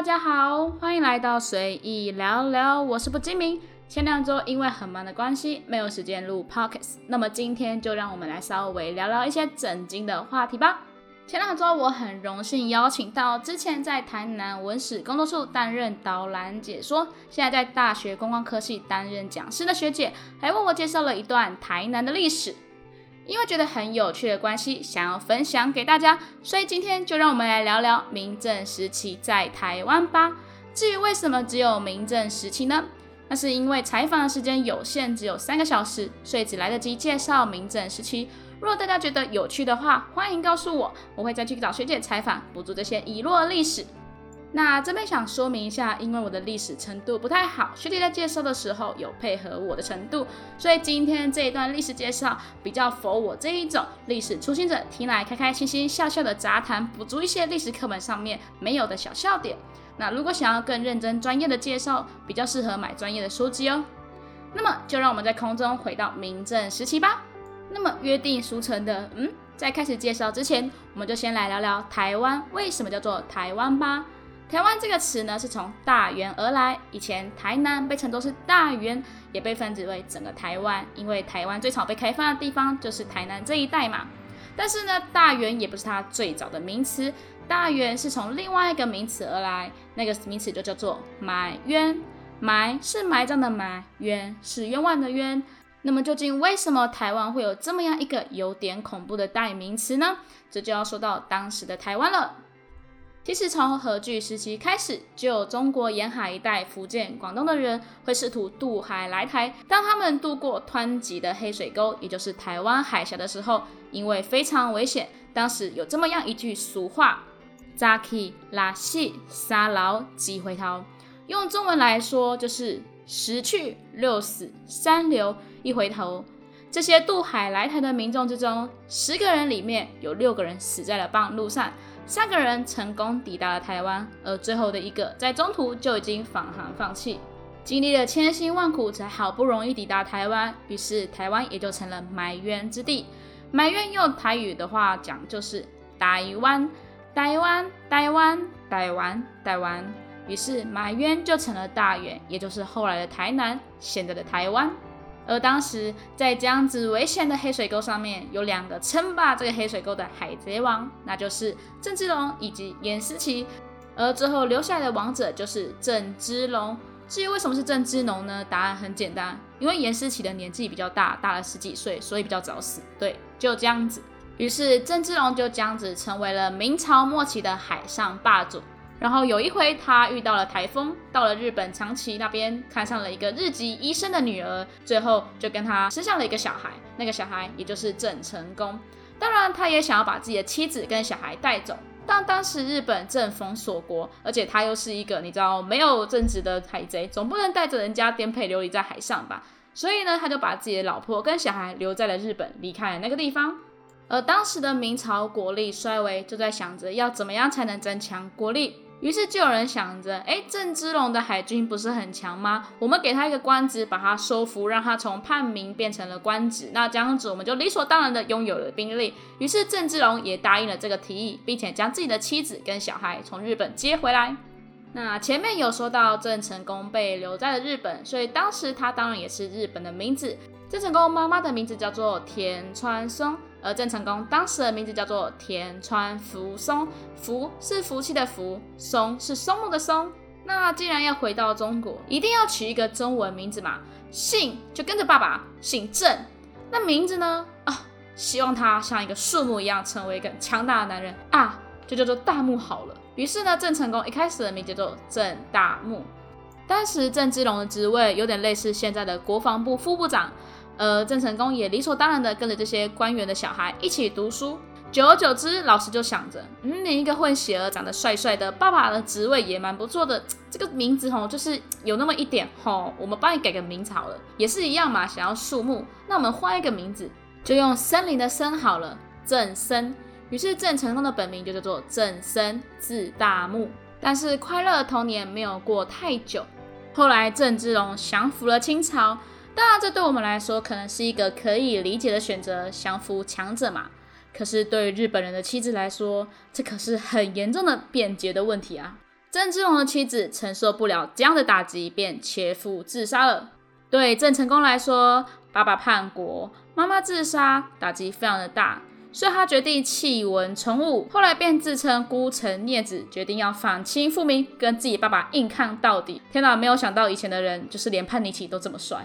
大家好，歡迎來到隨意聊聊，我是不精明。前兩周因為很忙的關係，沒有時間錄 podcast。那麼今天就讓我們來稍微聊聊一些正經的話題吧。前兩周我很榮幸邀請到之前在台南文史工作處擔任導覽解說，現在在大學觀光科系擔任講師的學姐，還為我介紹了一段台南的歷史。因為覺得很有趣的關係，想要分享給大家，所以今天就讓我們來聊聊明鄭時期在台灣吧。至於為什麼只有明鄭時期呢？那是因為採訪的時間有限，只有三個小時，所以只來得及介紹明鄭時期。如果大家覺得有趣的話，歡迎告訴我，我會再去找學姐採訪，補足這些遺落的歷史。那這邊想說明一下，因為我的歷史程度不太好，學弟在介紹的時候有配合我的程度，所以今天這一段歷史介紹比較符合我這一種歷史初心者，聽來開開心心笑笑的雜談，補足一些歷史課本上面沒有的小笑點。那如果想要更認真專業的介紹，比較適合買專業的書籍哦。那麼就讓我們在空中回到明鄭時期吧。那麼約定俗成的，嗯，在開始介紹之前，我們就先來聊聊台灣為什麼叫做台灣吧。台灣這個詞呢，是從大員而來。以前台南被稱作是大員，也被稱之為整個台灣，因為台灣最早被開發的地方就是台南這一帶嘛。但是呢，大員也不是它最早的名詞，大員是從另外一個名詞而來，那個名詞就叫做埋冤。埋是埋葬的埋，冤是冤枉的冤。那麼究竟為什麼台灣會有這麼樣一個有點恐怖的代名詞呢？這就要說到當時的台灣了。其實，從荷據時期開始，就有中國沿海一帶福建、廣東的人會試圖渡海來台。當他們渡過湍急的黑水溝，也就是台灣海峽的時候，因為非常危險，當時有這麼樣一句俗話：“扎起拉細，沙牢幾回頭。”用中文來說，就是“十去六死三留一回頭”。這些渡海來台的民眾之中，十個人裡面有六個人死在了半路上。三個人成功抵達了台灣，而最後的一個在中途就已經返航放棄。經歷了千辛萬苦，才好不容易抵達台灣，於是台灣也就成了埋冤之地。埋冤用台語的話講就是台“台灣，台灣，台灣，台灣，台灣”。於是埋冤就成了大員，也就是後來的台南，現在的台灣。而當時在這樣子危險的黑水溝上面，有兩個稱霸這個黑水溝的海賊王，那就是鄭芝龍以及顏思齊。而最後留下來的王者就是鄭芝龍。至於為什麼是鄭芝龍呢？答案很簡單，因為顏思齊的年紀比較大，大了十幾歲，所以比較早死。對，就這樣子。於是鄭芝龍就這樣子成為了明朝末期的海上霸主。然後有一回，他遇到了台風，到了日本長崎那邊，看上了一個日籍醫生的女兒，最後就跟他生下了一個小孩，那個小孩也就是鄭成功。當然，他也想要把自己的妻子跟小孩帶走，但當時日本正逢鎖國，而且他又是一個你知道沒有正直的海賊，總不能帶着人家顛沛流離在海上吧？所以呢，他就把自己的老婆跟小孩留在了日本，離開了那個地方。而當時的明朝國力衰微，就在想着要怎麼樣才能增強國力。於是就有人想着，哎、欸，鄭芝龍的海軍不是很強嗎？我們給他一個官職，把他收服，讓他從叛民變成了官職，那這樣子我們就理所當然的擁有了兵力。於是鄭芝龍也答應了這個提議，並且將自己的妻子跟小孩從日本接回來。那前面有說到鄭成功被留在了日本，所以當時他當然也是日本的名字。鄭成功媽媽的名字叫做田川松。而鄭成功當時的名字叫做田川福松，福是福氣的福，松是松木的松。那既然要回到中國，一定要取一個中文名字嘛，姓就跟着爸爸姓鄭，那名字呢？啊、哦，希望他像一個樹木一樣，成為一個強大的男人啊，就叫做大木好了。於是呢，鄭成功一開始的名字叫做鄭大木。當時鄭芝龍的職位有點類似現在的國防部副部長。呃，鄭成功也理所當然的跟着這些官員的小孩一起讀書，久而久之，老師就想着，嗯，你一個混血兒長得帥帥的，爸爸的職位也蠻不錯的，這個名字吼，就是有那麼一點吼，我們幫你改個名字好了，也是一樣嘛，想要樹木，那我們換一個名字，就用森林的森好了，鄭森。於是鄭成功的本名就叫做鄭森，字大木。但是快樂的童年沒有過太久，後來鄭芝龍降服了清朝。當然，這對我們來說可能是一個可以理解的選擇，降服強者嘛。可是對日本人的妻子來說，這可是很嚴重的變節的問題啊！鄭芝龍的妻子承受不了這樣的打擊，便切腹自殺了。對鄭成功來說，爸爸叛國，媽媽自殺，打擊非常的大，所以他決定棄文從武，後來便自稱孤臣孽子，決定要反清復明，跟自己爸爸硬抗到底。天哪，沒有想到以前的人就是連叛逆期都這麼帥。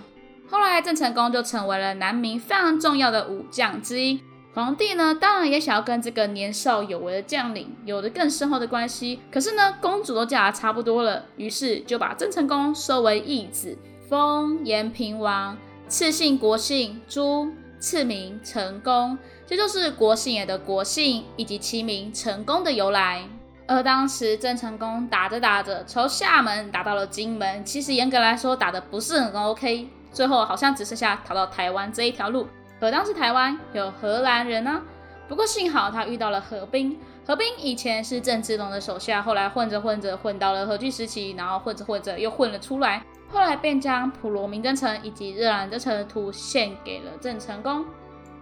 後來，鄭成功就成為了南明非常重要的武將之一。皇帝呢，當然也想要跟這個年少有為的將領有着更深厚的關係。可是呢，公主都嫁得差不多了，於是就把鄭成功收為義子，封延平王，賜姓國姓朱，賜名成功。這就是國姓爺的國姓以及其名成功的由來。而當時鄭成功打着打着，從廈門打到了金門，其實嚴格來說，打得不是很 OK。最後好像只剩下逃到台灣這一條路。可當時台灣有荷蘭人呢、啊，不過幸好他遇到了何斌。何斌以前是鄭芝龍的手下，後來混着混着混到了荷據時期，然後混着混着又混了出來。後來便將普羅民遮城以及熱蘭遮城的圖獻給了鄭成功。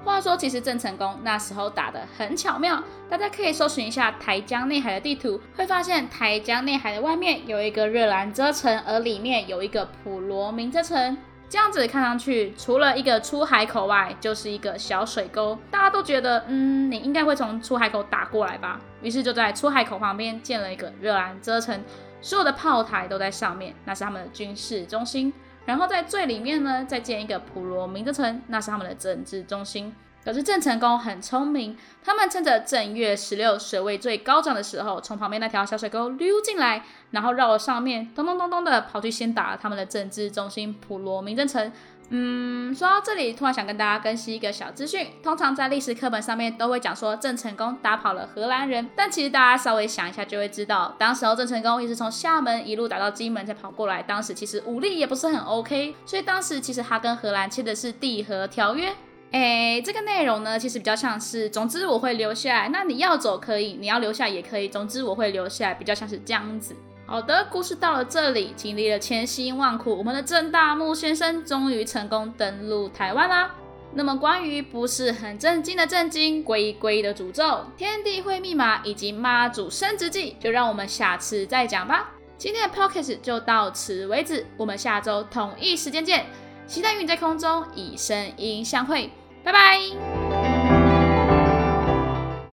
話說，其實鄭成功那時候打得很巧妙，大家可以搜尋一下台江內海的地圖，會發現台江內海的外面有一個熱蘭遮城，而裡面有一個普羅民遮城。這樣子看上去，除了一個出海口外，就是一個小水溝。大家都覺得，嗯，你應該會從出海口打過來吧？於是就在出海口旁邊建了一個熱蘭遮城，所有的炮台都在上面，那是他們的軍事中心。然後在最裡面呢，再建一個普羅民遮城，那是他們的政治中心。可是鄭成功很聰明，他們趁着正月十六水位最高漲的時候，從旁邊那條小水溝溜進來，然後繞了上面，咚咚咚咚的跑去先打了他們的政治中心普羅民遮城。嗯，說到這裡，突然想跟大家更新一個小資訊。通常在歷史課本上面都會講說鄭成功打跑了荷蘭人，但其實大家稍微想一下就會知道，當時候鄭成功一直從廈門一路打到金門才跑過來，當時其實武力也不是很 OK，所以當時其實他跟荷蘭簽的是《締和條約》。哎，這個內容呢，其實比較像是，總之我會留下來。那你要走可以，你要留下也可以。總之我會留下來，比較像是這樣子。好的，故事到了這裡，經歷了千辛萬苦，我們的鄭大木先生終於成功登陸台灣啦。那麼關於不是很正經的正經龜龜的詛咒、天地會密碼以及媽祖生殖記，就讓我們下次再講吧。今天的 Podcast 就到此為止，我們下周同一時間見。期待與你在空中以聲音相會。拜拜。